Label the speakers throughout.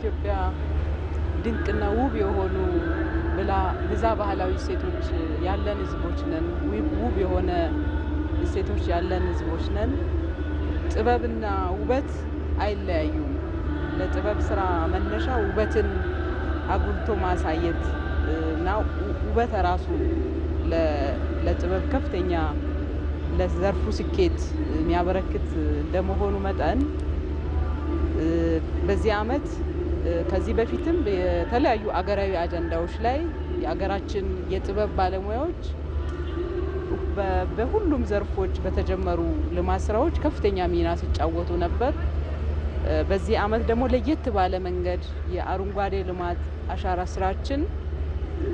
Speaker 1: የኢትዮጵያ ድንቅና ውብ የሆኑ ብዛ ባህላዊ እሴቶች ያለን ህዝቦች ነን። ውብ የሆነ እሴቶች ያለን ህዝቦች ነን። ጥበብና ውበት አይለያዩም። ለጥበብ ስራ መነሻ ውበትን አጉልቶ ማሳየት እና ውበት ራሱ ለጥበብ ከፍተኛ ለዘርፉ ስኬት የሚያበረክት እንደመሆኑ መጠን በዚህ አመት ከዚህ በፊትም የተለያዩ አገራዊ አጀንዳዎች ላይ የአገራችን የጥበብ ባለሙያዎች በሁሉም ዘርፎች በተጀመሩ ልማት ስራዎች ከፍተኛ ሚና ሲጫወቱ ነበር። በዚህ አመት ደግሞ ለየት ባለ መንገድ የአረንጓዴ ልማት አሻራ ስራችን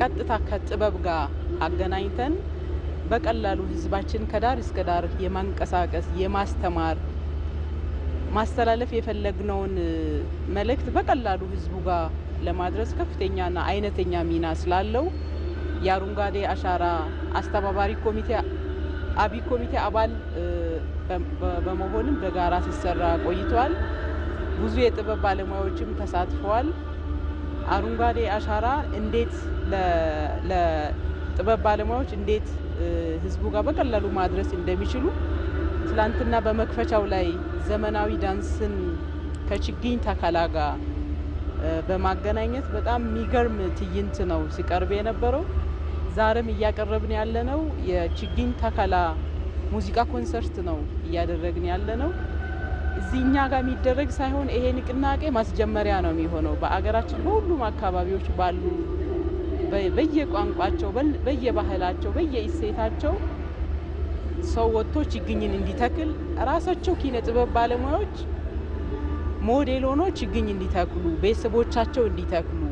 Speaker 1: ቀጥታ ከጥበብ ጋር አገናኝተን በቀላሉ ህዝባችን ከዳር እስከ ዳር የማንቀሳቀስ የማስተማር ማስተላለፍ የፈለግነውን መልእክት በቀላሉ ህዝቡ ጋር ለማድረስ ከፍተኛና አይነተኛ ሚና ስላለው የአረንጓዴ አሻራ አስተባባሪ ኮሚቴ አቢ ኮሚቴ አባል በመሆንም በጋራ ሲሰራ ቆይተዋል። ብዙ የጥበብ ባለሙያዎችም ተሳትፈዋል። አረንጓዴ አሻራ እንዴት ለጥበብ ባለሙያዎች እንዴት ህዝቡ ጋር በቀላሉ ማድረስ እንደሚችሉ ትላንትና በመክፈቻው ላይ ዘመናዊ ዳንስን ከችግኝ ተከላ ጋር በማገናኘት በጣም የሚገርም ትዕይንት ነው ሲቀርብ የነበረው። ዛሬም እያቀረብን ያለ ነው የችግኝ ተከላ ሙዚቃ ኮንሰርት ነው እያደረግን ያለ ነው። እዚህ እኛ ጋር የሚደረግ ሳይሆን ይሄ ንቅናቄ ማስጀመሪያ ነው የሚሆነው። በአገራችን በሁሉም አካባቢዎች ባሉ በየቋንቋቸው፣ በየባህላቸው፣ በየእሴታቸው ሰው ወጥቶ ችግኝን እንዲተክል ራሳቸው ኪነ ጥበብ ባለሙያዎች ሞዴል ሆኖ ችግኝ እንዲተክሉ ቤተሰቦቻቸው እንዲተክሉ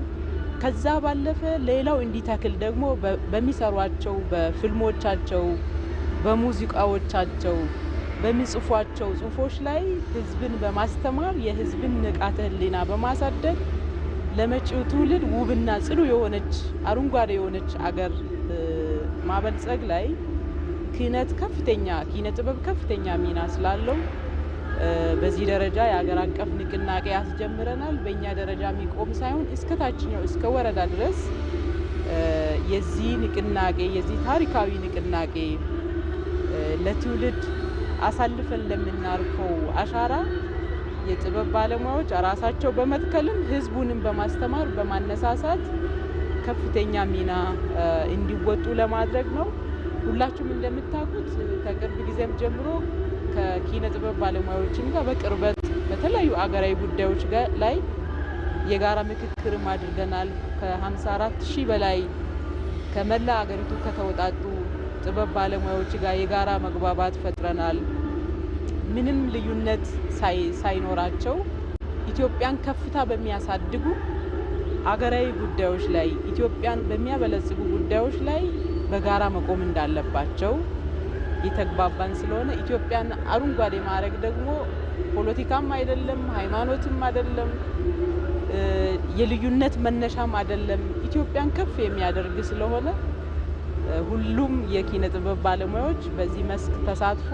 Speaker 1: ከዛ ባለፈ ሌላው እንዲተክል ደግሞ በሚሰሯቸው በፊልሞቻቸው፣ በሙዚቃዎቻቸው፣ በሚጽፏቸው ጽሁፎች ላይ ህዝብን በማስተማር የህዝብን ንቃተ ህሊና በማሳደግ ለመጪው ትውልድ ውብና ጽዱ የሆነች አረንጓዴ የሆነች አገር ማበልጸግ ላይ ክህነት ከፍተኛ ኪነ ጥበብ ከፍተኛ ሚና ስላለው በዚህ ደረጃ የሀገር አቀፍ ንቅናቄ ያስጀምረናል። በእኛ ደረጃ የሚቆም ሳይሆን እስከ ታችኛው እስከ ወረዳ ድረስ የዚህ ንቅናቄ የዚህ ታሪካዊ ንቅናቄ ለትውልድ አሳልፈን ለምናርፈው አሻራ የጥበብ ባለሙያዎች ራሳቸው በመትከልም ህዝቡንም በማስተማር በማነሳሳት ከፍተኛ ሚና እንዲወጡ ለማድረግ ነው። ሁላችሁም እንደምታውቁት ከቅርብ ጊዜም ጀምሮ ከኪነ ጥበብ ባለሙያዎችም ጋር በቅርበት በተለያዩ አገራዊ ጉዳዮች ላይ የጋራ ምክክርም አድርገናል። ከ54 ሺህ በላይ ከመላ አገሪቱ ከተወጣጡ ጥበብ ባለሙያዎች ጋር የጋራ መግባባት ፈጥረናል። ምንም ልዩነት ሳይኖራቸው ኢትዮጵያን ከፍታ በሚያሳድጉ አገራዊ ጉዳዮች ላይ ኢትዮጵያን በሚያበለጽጉ ጉዳዮች ላይ በጋራ መቆም እንዳለባቸው የተግባባን ስለሆነ ኢትዮጵያን አረንጓዴ ማድረግ ደግሞ ፖለቲካም አይደለም፣ ሃይማኖትም አይደለም፣ የልዩነት መነሻም አይደለም። ኢትዮጵያን ከፍ የሚያደርግ ስለሆነ ሁሉም የኪነ ጥበብ ባለሙያዎች በዚህ መስክ ተሳትፎ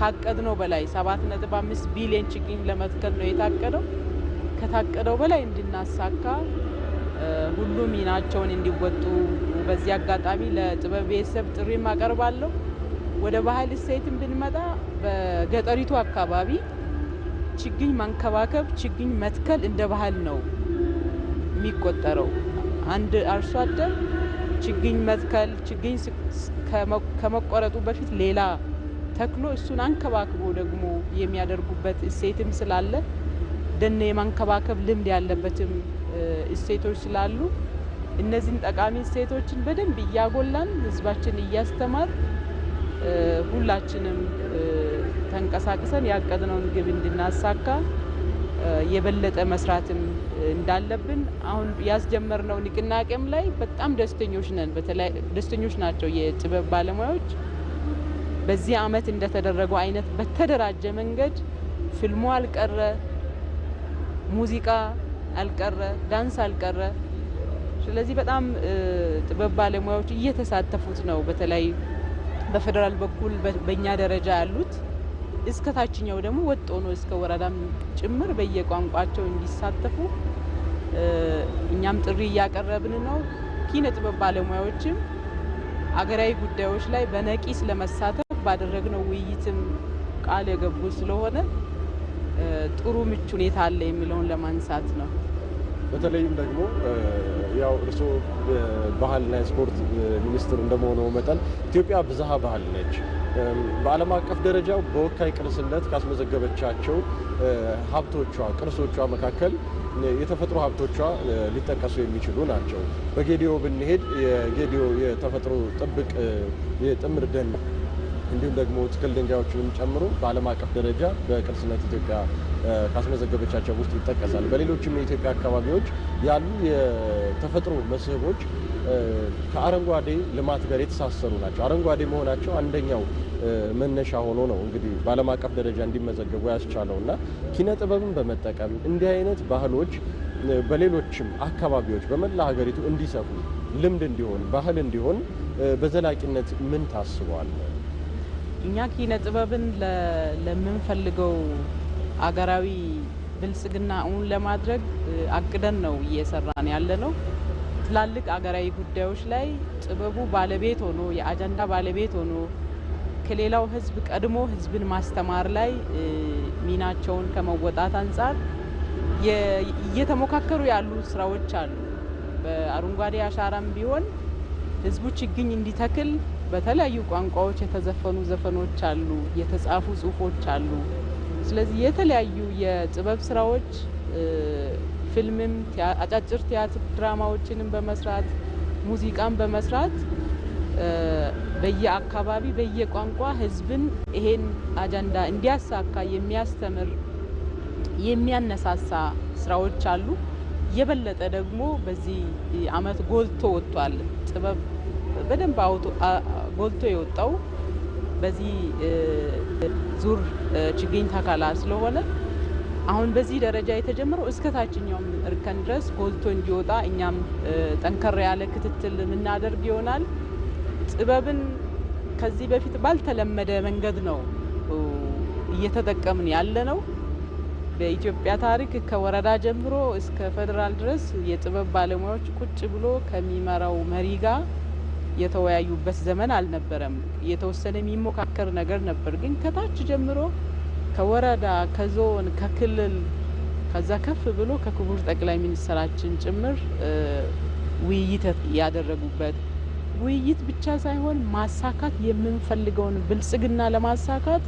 Speaker 1: ካቀድነው በላይ 7.5 ቢሊዮን ችግኝ ለመትከል ነው የታቀደው። ከታቀደው በላይ እንድናሳካ ሁሉም ሚናቸውን እንዲወጡ በዚህ አጋጣሚ ለጥበብ ቤተሰብ ጥሪ ማቀርባለሁ። ወደ ባህል እሴትም ብንመጣ በገጠሪቱ አካባቢ ችግኝ ማንከባከብ ችግኝ መትከል እንደ ባህል ነው የሚቆጠረው። አንድ አርሶ አደር ችግኝ መትከል ችግኝ ከመቆረጡ በፊት ሌላ ተክሎ እሱን አንከባክቦ ደግሞ የሚያደርጉበት እሴትም ስላለ ደን የማንከባከብ ልምድ ያለበትም እሴቶች ስላሉ እነዚህን ጠቃሚ እሴቶችን በደንብ እያጎላን ህዝባችን እያስተማር ሁላችንም ተንቀሳቅሰን ያቀድነውን ግብ እንድናሳካ የበለጠ መስራትም እንዳለብን አሁን ያስጀመርነው ንቅናቄም ላይ በጣም ደስተኞች ነን። በተለይ ደስተኞች ናቸው የጥበብ ባለሙያዎች። በዚህ አመት እንደተደረገው አይነት በተደራጀ መንገድ ፊልሙ አልቀረ፣ ሙዚቃ አልቀረ፣ ዳንስ አልቀረ ስለዚህ በጣም ጥበብ ባለሙያዎች እየተሳተፉት ነው። በተለይ በፌዴራል በኩል በእኛ ደረጃ ያሉት እስከ ታችኛው ደግሞ ወጥ ሆኖ እስከ ወረዳም ጭምር በየቋንቋቸው እንዲሳተፉ እኛም ጥሪ እያቀረብን ነው። ኪነ ጥበብ ባለሙያዎችም አገራዊ ጉዳዮች ላይ በነቂስ ለመሳተፍ ባደረግነው ውይይትም ቃል የገቡ ስለሆነ ጥሩ ምቹ ሁኔታ አለ የሚለውን ለማንሳት ነው።
Speaker 2: በተለይም ደግሞ ያው እርስዎ ባህልና ስፖርት ሚኒስትር እንደመሆነው መጠን ኢትዮጵያ ብዝሃ ባህል ነች። በዓለም አቀፍ ደረጃ በወካይ ቅርስነት ካስመዘገበቻቸው ሀብቶቿ፣ ቅርሶቿ መካከል የተፈጥሮ ሀብቶቿ ሊጠቀሱ የሚችሉ ናቸው። በጌዲዮ ብንሄድ የጌዲዮ የተፈጥሮ ጥብቅ የጥምር ደን እንዲሁም ደግሞ ጥቅል ድንጋዮችንም ጨምሮ በዓለም አቀፍ ደረጃ በቅርስነት ኢትዮጵያ ካስመዘገበቻቸው ውስጥ ይጠቀሳል። በሌሎችም የኢትዮጵያ አካባቢዎች ያሉ የተፈጥሮ መስህቦች ከአረንጓዴ ልማት ጋር የተሳሰሩ ናቸው። አረንጓዴ መሆናቸው አንደኛው መነሻ ሆኖ ነው እንግዲህ በዓለም አቀፍ ደረጃ እንዲመዘገቡ ያስቻለው እና ኪነ ጥበብን በመጠቀም እንዲህ አይነት ባህሎች በሌሎችም አካባቢዎች በመላ ሀገሪቱ እንዲሰፉ ልምድ እንዲሆን ባህል እንዲሆን በዘላቂነት ምን ታስበዋል?
Speaker 1: እኛ ኪነ ጥበብን ለምንፈልገው አገራዊ ብልጽግና እውን ለማድረግ አቅደን ነው እየሰራን ያለ ነው። ትላልቅ አገራዊ ጉዳዮች ላይ ጥበቡ ባለቤት ሆኖ የአጀንዳ ባለቤት ሆኖ ከሌላው ህዝብ ቀድሞ ህዝብን ማስተማር ላይ ሚናቸውን ከመወጣት አንጻር እየተሞካከሩ ያሉ ስራዎች አሉ። በአረንጓዴ አሻራም ቢሆን ህዝቡ ችግኝ እንዲተክል በተለያዩ ቋንቋዎች የተዘፈኑ ዘፈኖች አሉ፣ የተጻፉ ጽሁፎች አሉ። ስለዚህ የተለያዩ የጥበብ ስራዎች ፊልምም፣ አጫጭር ቲያትር ድራማዎችንም በመስራት ሙዚቃን በመስራት በየአካባቢ በየቋንቋ ህዝብን ይሄን አጀንዳ እንዲያሳካ የሚያስተምር የሚያነሳሳ ስራዎች አሉ። የበለጠ ደግሞ በዚህ አመት ጎልቶ ወጥቷል ጥበብ በደንብ ጎልቶ የወጣው በዚህ ዙር ችግኝ ተከላ ስለሆነ አሁን በዚህ ደረጃ የተጀመረው እስከ ታችኛውም እርከን ድረስ ጎልቶ እንዲወጣ እኛም ጠንከር ያለ ክትትል የምናደርግ ይሆናል። ጥበብን ከዚህ በፊት ባልተለመደ መንገድ ነው እየተጠቀምን ያለ ነው። በኢትዮጵያ ታሪክ ከወረዳ ጀምሮ እስከ ፌዴራል ድረስ የጥበብ ባለሙያዎች ቁጭ ብሎ ከሚመራው መሪ ጋር የተወያዩበት ዘመን አልነበረም። የተወሰነ የሚሞካከር ነገር ነበር። ግን ከታች ጀምሮ ከወረዳ፣ ከዞን፣ ከክልል ከዛ ከፍ ብሎ ከክቡር ጠቅላይ ሚኒስትራችን ጭምር ውይይት ያደረጉበት ውይይት ብቻ ሳይሆን ማሳካት የምንፈልገውን ብልጽግና ለማሳካት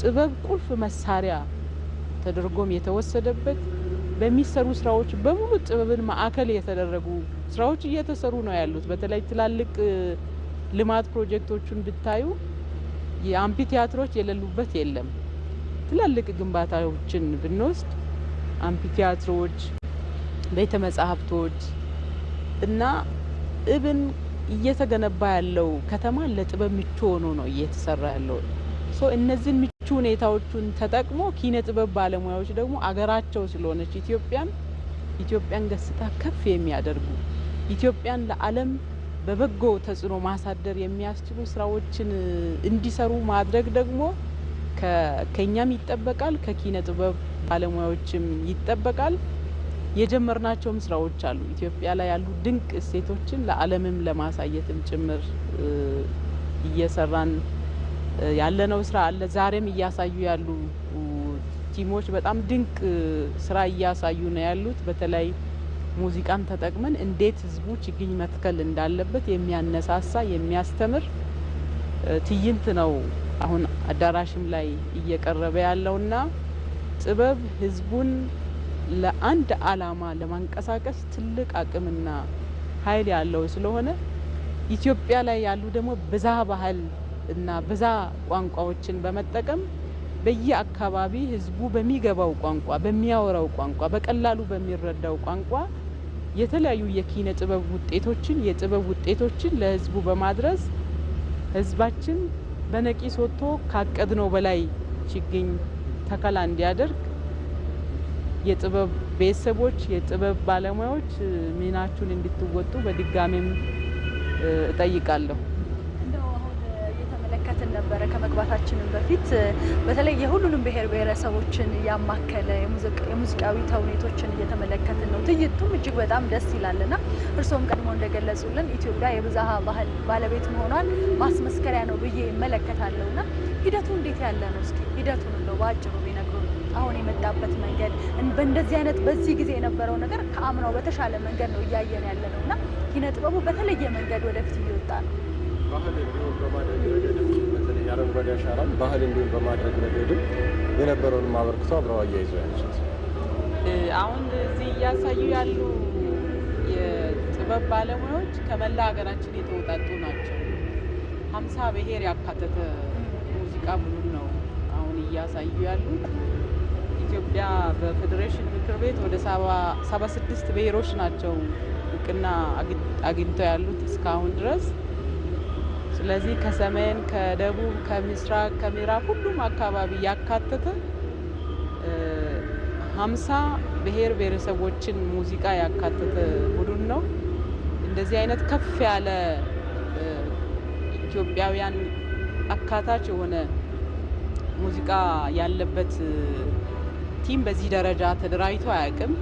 Speaker 1: ጥበብ ቁልፍ መሳሪያ ተደርጎም የተወሰደበት በሚሰሩ ስራዎች በሙሉ ጥበብን ማዕከል የተደረጉ ስራዎች እየተሰሩ ነው ያሉት። በተለይ ትላልቅ ልማት ፕሮጀክቶቹን ብታዩ የአምፒ ቲያትሮች የሌሉበት የለም። ትላልቅ ግንባታዎችን ብንወስድ አምፒ ቲያትሮች፣ ቤተ መጻሕፍቶች እና እብን እየተገነባ ያለው ከተማ ለጥበብ ምቹ ሆኖ ነው እየተሰራ ያለው። እነዚህን ሁኔታዎቹን ተጠቅሞ ኪነ ጥበብ ባለሙያዎች ደግሞ አገራቸው ስለሆነች ኢትዮጵያን ኢትዮጵያን ገጽታ ከፍ የሚያደርጉ ኢትዮጵያን ለዓለም በበጎ ተጽዕኖ ማሳደር የሚያስችሉ ስራዎችን እንዲሰሩ ማድረግ ደግሞ ከኛም ይጠበቃል፣ ከኪነ ጥበብ ባለሙያዎችም ይጠበቃል። የጀመርናቸውም ስራዎች አሉ። ኢትዮጵያ ላይ ያሉ ድንቅ እሴቶችን ለዓለምም ለማሳየትም ጭምር እየሰራን ያለነው ስራ አለ። ዛሬም እያሳዩ ያሉ ቲሞች በጣም ድንቅ ስራ እያሳዩ ነው ያሉት። በተለይ ሙዚቃን ተጠቅመን እንዴት ህዝቡ ችግኝ መትከል እንዳለበት የሚያነሳሳ የሚያስተምር ትዕይንት ነው አሁን አዳራሽም ላይ እየቀረበ ያለውና ጥበብ ህዝቡን ለአንድ አላማ ለማንቀሳቀስ ትልቅ አቅምና ኃይል ያለው ስለሆነ ኢትዮጵያ ላይ ያሉ ደግሞ ብዛ ባህል እና በዛ ቋንቋዎችን በመጠቀም በየአካባቢ ህዝቡ በሚገባው ቋንቋ፣ በሚያወራው ቋንቋ፣ በቀላሉ በሚረዳው ቋንቋ የተለያዩ የኪነ ጥበብ ውጤቶችን የጥበብ ውጤቶችን ለህዝቡ በማድረስ ህዝባችን በነቂስ ወጥቶ ካቀድነው በላይ ችግኝ ተከላ እንዲያደርግ የጥበብ ቤተሰቦች፣ የጥበብ ባለሙያዎች ሚናችሁን እንድትወጡ በድጋሜም እጠይቃለሁ።
Speaker 3: ስንመለከትን ነበረ ከመግባታችንም በፊት በተለይ የሁሉንም ብሔር ብሔረሰቦችን ያማከለ የሙዚቃዊ ተውኔቶችን እየተመለከትን ነው። ትይቱም እጅግ በጣም ደስ ይላልና እርስዎም ቀድሞ እንደገለጹልን ኢትዮጵያ የብዝሃ ባህል ባለቤት መሆኗን ማስመስከሪያ ነው ብዬ ይመለከታለሁና ሂደቱ እንዴት ያለ ነው? እስኪ ሂደቱን እንደው በአጭሩ ቢነግሩ። አሁን የመጣበት መንገድ በእንደዚህ አይነት በዚህ ጊዜ የነበረው ነገር ከአምናው በተሻለ መንገድ ነው እያየን ያለ ነው እና ኪነ ጥበቡ በተለየ መንገድ ወደፊት እየወጣ ነው።
Speaker 2: ባህል እንዲሆን በማድረግ ረገድም በተለይ አረንጓዴ አሻራም ባህል እንዲሁም በማድረግ ረገድም የነበረውን ማበርክቶ አብረው አያይዘው ያነሱት።
Speaker 1: አሁን እዚህ እያሳዩ ያሉ የጥበብ ባለሙያዎች ከመላ ሀገራችን የተወጣጡ ናቸው። ሀምሳ ብሔር ያካተተ ሙዚቃ ቡድን ነው አሁን እያሳዩ ያሉት። ኢትዮጵያ በፌዴሬሽን ምክር ቤት ወደ ሰባ ስድስት ብሔሮች ናቸው እውቅና አግኝተው ያሉት እስካሁን ድረስ ስለዚህ ከሰሜን፣ ከደቡብ፣ ከምስራቅ፣ ከምዕራብ ሁሉም አካባቢ ያካተተ ሀምሳ ብሔር ብሔረሰቦችን ሙዚቃ ያካተተ ቡድን ነው። እንደዚህ አይነት ከፍ ያለ ኢትዮጵያውያን አካታች የሆነ ሙዚቃ ያለበት ቲም በዚህ ደረጃ ተደራጅቶ አያውቅም።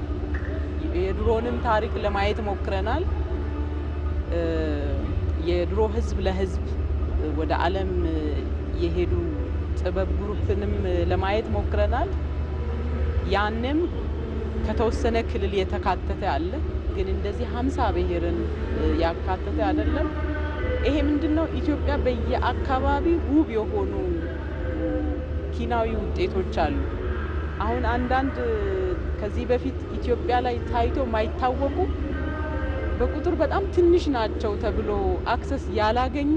Speaker 1: የድሮንም ታሪክ ለማየት ሞክረናል። የድሮ ህዝብ ለህዝብ ወደ አለም የሄዱ ጥበብ ግሩፕንም ለማየት ሞክረናል። ያንም ከተወሰነ ክልል የተካተተ አለ፣ ግን እንደዚህ ሀምሳ ብሔርን ያካተተ አይደለም። ይሄ ምንድን ነው? ኢትዮጵያ በየአካባቢ ውብ የሆኑ ኪናዊ ውጤቶች አሉ። አሁን አንዳንድ ከዚህ በፊት ኢትዮጵያ ላይ ታይቶ ማይታወቁ በቁጥር በጣም ትንሽ ናቸው ተብሎ አክሰስ ያላገኙ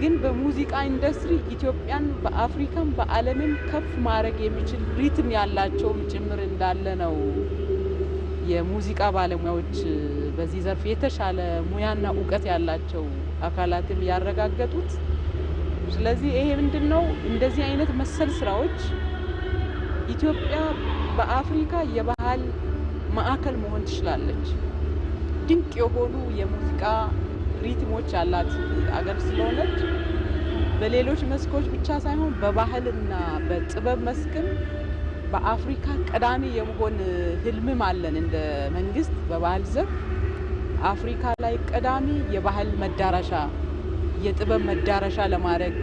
Speaker 1: ግን በሙዚቃ ኢንዱስትሪ ኢትዮጵያን በአፍሪካም በዓለምም ከፍ ማድረግ የሚችል ሪትም ያላቸውም ጭምር እንዳለ ነው። የሙዚቃ ባለሙያዎች በዚህ ዘርፍ የተሻለ ሙያና እውቀት ያላቸው አካላትም ያረጋገጡት። ስለዚህ ይሄ ምንድን ነው እንደዚህ አይነት መሰል ስራዎች ኢትዮጵያ በአፍሪካ የባህል ማዕከል መሆን ትችላለች። ድንቅ የሆኑ የሙዚቃ ሪትሞች ያላት አገር ስለሆነች በሌሎች መስኮች ብቻ ሳይሆን በባህልና በጥበብ መስክም በአፍሪካ ቀዳሚ የመሆን ህልምም አለን። እንደ መንግስት በባህል ዘር አፍሪካ ላይ ቀዳሚ የባህል መዳረሻ፣ የጥበብ መዳረሻ ለማድረግ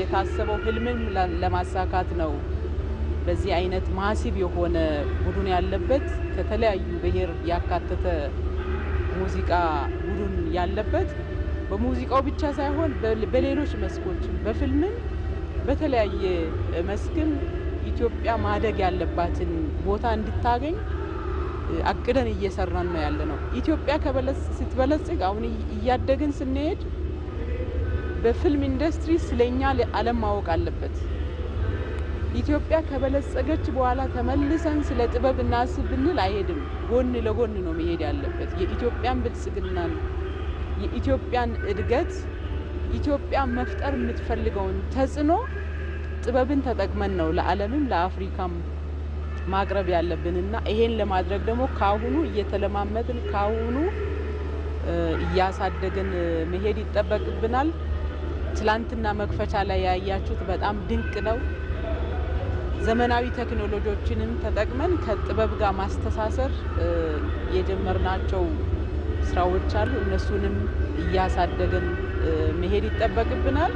Speaker 1: የታሰበው ህልምም ለማሳካት ነው። በዚህ አይነት ማሲብ የሆነ ቡድን ያለበት ከተለያዩ ብሔር ያካተተ ሙዚቃ ቡድን ያለበት በሙዚቃው ብቻ ሳይሆን በሌሎች መስኮችም በፊልምም በተለያየ መስክም ኢትዮጵያ ማደግ ያለባትን ቦታ እንድታገኝ አቅደን እየሰራን ነው ያለ ነው። ኢትዮጵያ ስትበለጽግ አሁን እያደግን ስንሄድ በፊልም ኢንዱስትሪ ስለኛ ዓለም ማወቅ አለበት። ኢትዮጵያ ከበለጸገች በኋላ ተመልሰን ስለ ጥበብ እናስብ ብንል አይሄድም። ጎን ለጎን ነው መሄድ ያለበት። የኢትዮጵያን ብልጽግና፣ የኢትዮጵያን እድገት፣ ኢትዮጵያ መፍጠር የምትፈልገውን ተጽዕኖ ጥበብን ተጠቅመን ነው ለዓለምም ለአፍሪካም ማቅረብ ያለብን እና ይሄን ለማድረግ ደግሞ ካሁኑ እየተለማመድን ካሁኑ እያሳደግን መሄድ ይጠበቅብናል። ትላንትና መክፈቻ ላይ ያያችሁት በጣም ድንቅ ነው። ዘመናዊ ቴክኖሎጂዎችንም ተጠቅመን ከጥበብ ጋር ማስተሳሰር የጀመርናቸው ስራዎች አሉ። እነሱንም እያሳደግን መሄድ ይጠበቅብናል።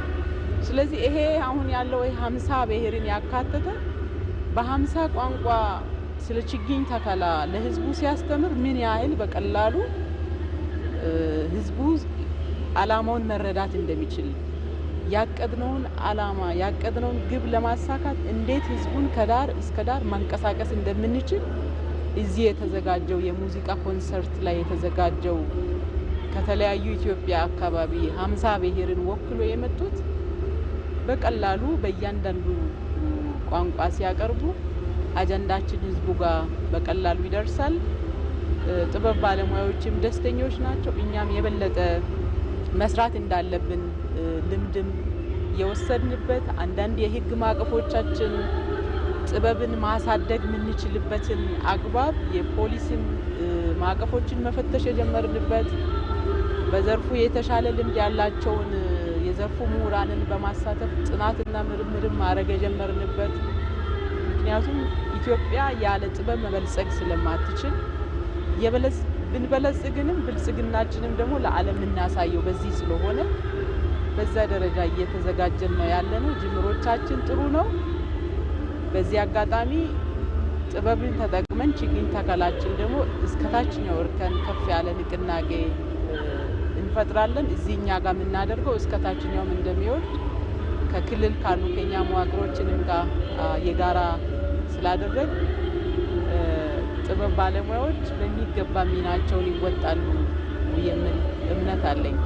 Speaker 1: ስለዚህ ይሄ አሁን ያለው ሀምሳ ብሔርን ያካተተ በሀምሳ ቋንቋ ስለ ችግኝ ተከላ ለህዝቡ ሲያስተምር ምን ያህል በቀላሉ ህዝቡ አላማውን መረዳት እንደሚችል ያቀድነውን አላማ ያቀድነውን ግብ ለማሳካት እንዴት ህዝቡን ከዳር እስከ ዳር ማንቀሳቀስ እንደምንችል እዚህ የተዘጋጀው የሙዚቃ ኮንሰርት ላይ የተዘጋጀው ከተለያዩ ኢትዮጵያ አካባቢ ሀምሳ ብሔርን ወክሎ የመጡት በቀላሉ በእያንዳንዱ ቋንቋ ሲያቀርቡ አጀንዳችን ህዝቡ ጋር በቀላሉ ይደርሳል። ጥበብ ባለሙያዎችም ደስተኞች ናቸው። እኛም የበለጠ መስራት እንዳለብን ልምድም የወሰድንበት አንዳንድ የህግ ማዕቀፎቻችን ጥበብን ማሳደግ የምንችልበትን አግባብ የፖሊስም ማዕቀፎችን መፈተሽ የጀመርንበት በዘርፉ የተሻለ ልምድ ያላቸውን የዘርፉ ምሁራንን በማሳተፍ ጥናትና ምርምርም ማድረግ የጀመርንበት ምክንያቱም ኢትዮጵያ ያለ ጥበብ መበልጸግ ስለማትችል ብንበለጽግንም ብልጽግናችንም ደግሞ ለዓለም እናሳየው በዚህ ስለሆነ በዛ ደረጃ እየተዘጋጀን ነው ነው። ጅምሮቻችን ጥሩ ነው። በዚህ አጋጣሚ ጥበብን ተጠቅመን ችግኝ ተከላችን ደግሞ እስከ ታችኛው እርከን ከፍ ያለ ንቅናቄ እንፈጥራለን። እዚህ እኛ ጋር የምናደርገው እስከ ታችኛውም እንደሚወርድ ከክልል ካሉ ከኛ መዋቅሮችንም ጋር የጋራ ስላደረግ ጥበብ ባለሙያዎች በሚገባ ሚናቸውን ይወጣሉ የሚል እምነት አለኝ።